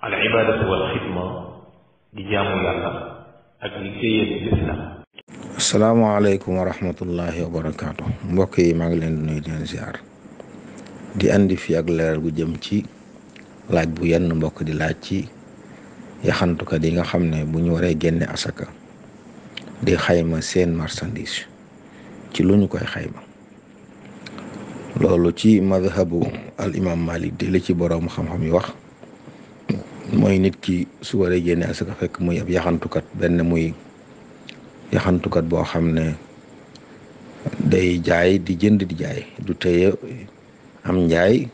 al ibaadatu a xidma di wa rahmatullahi wa barakaatu mbokk yi maa leen di nuyu di di indi fi ak leeral gu jëm ci laaj bu yenn mbokk di laaj ci yaxantukat yi nga xam ne bu ñu waree génne asaka di xayma seen marsandiis ci lu ñu koy xayma loolu ci madhabu al imam malik di li ci boroom xam-xam yi wax mooy nit ki su waree génne asaka fekk muy ab yaxantukat benn muy yaxantukat boo xam ne day jaay di jënd di jaay du teye am njaay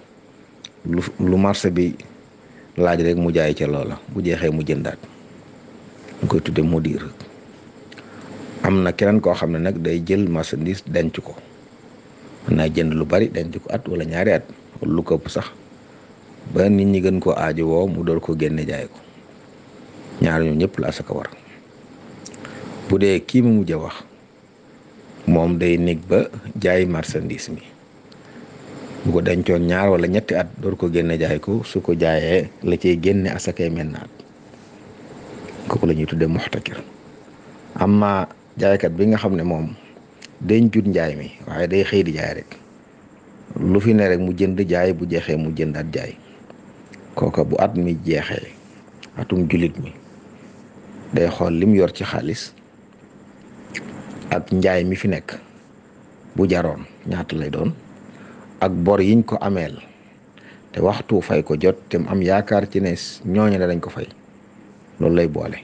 lu lu bi laaj rek mu jaay ca loola bu jeexee mu jëndaat ñu koy tudde mu diir am na keneen koo xam ne nag day jël marchandise denc ko mën naa jënd lu bari denc ko at wala ñaari at lu ko sax ba nit ñi gën koo aajo woo mu door ko génne jaay ko ñaar ñoom ñëpp la asaka war bu dee kii mu mujj a wax moom day nekk ba jaay marchandise mi bu ko dencoon ñaar wala ñetti at door ko génne jaay ko su ko jaayee la cay génne asakay mennaat kooku la ñuy tuddee muxtakir amma jaaykat bi nga xam ne moom dencut njaay mi waaye day xëydi jaay rek lu fi ne rek mu jënd jaay bu jeexee mu jënd at jaay kooka bu at mi jeexee atum julit mi day xool lim yor ci xaalis ak njaay mi fi nekk bu jaroon ñaata lay doon ak bor yiñ ko ameel te waxtu fay ko jot te mu am yaakaar ci ne ñooñu dañ ko fay loolu lay boole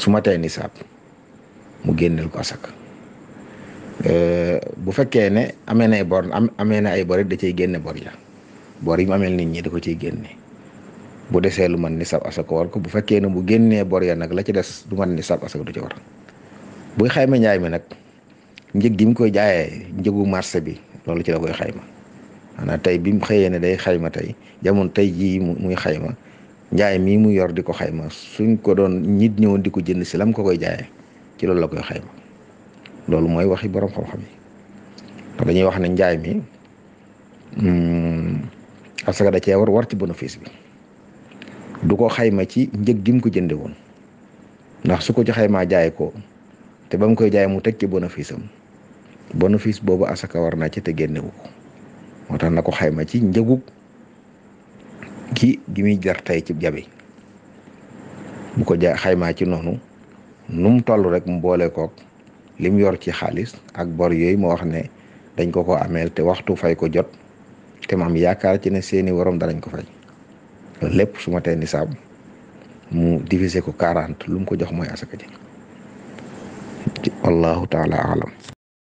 su ma tey mu génneel ko asaka euh, bu fekkee ne amee na ay bor am amee na ay bor da cay génne bor ya bor yi mu ameel nit ñi ko ciy génne bu desee lu man ni sab asaka war ko bu fekkee ne bu génnee bor ya nag la ci des du man ni sab asaka du ci war buy xayma njaay mi nag njëg gi koy jaayee njëgu marché bi loolu ci la koy xayma maanaam tey bi mu xëyee ne day xayma tey jamono tey jii muy xayma njaay mii mu yor di ko xayma suñ ko doon ñiid ñëwoon di ko jënd si lam ko koy jaaye ci loolu la koy xayma loolu mooy waxi borom xam-xam yi dañuy wax ne njaay mi. Hmm, parce que da cee war war ci bénéfice bi du ko xayma ci njëg gi mu ko jënde woon ndax su ko ci xaymaa jaay ko te bam koy jaay mu teg ci bénéfice am bénéfice boobu asaka war naa ci te génnewu ko moo tax na ko xayma ci njëgu ki gi muy jar tey ci jabi bu ko ja xaymaa ci noonu nu mu toll rek mu boole koog lim yor ci xaalis ak bor yooyu moo wax ne dañ ko ko ameel te waxtu fay ko jot te ma am yaakaar ci ne seeni waroom danañ ko fay loolu lépp su ma tee nisaab mu diviser ko quarante lu mu ko jox mooy asaka ji wallahu taala alam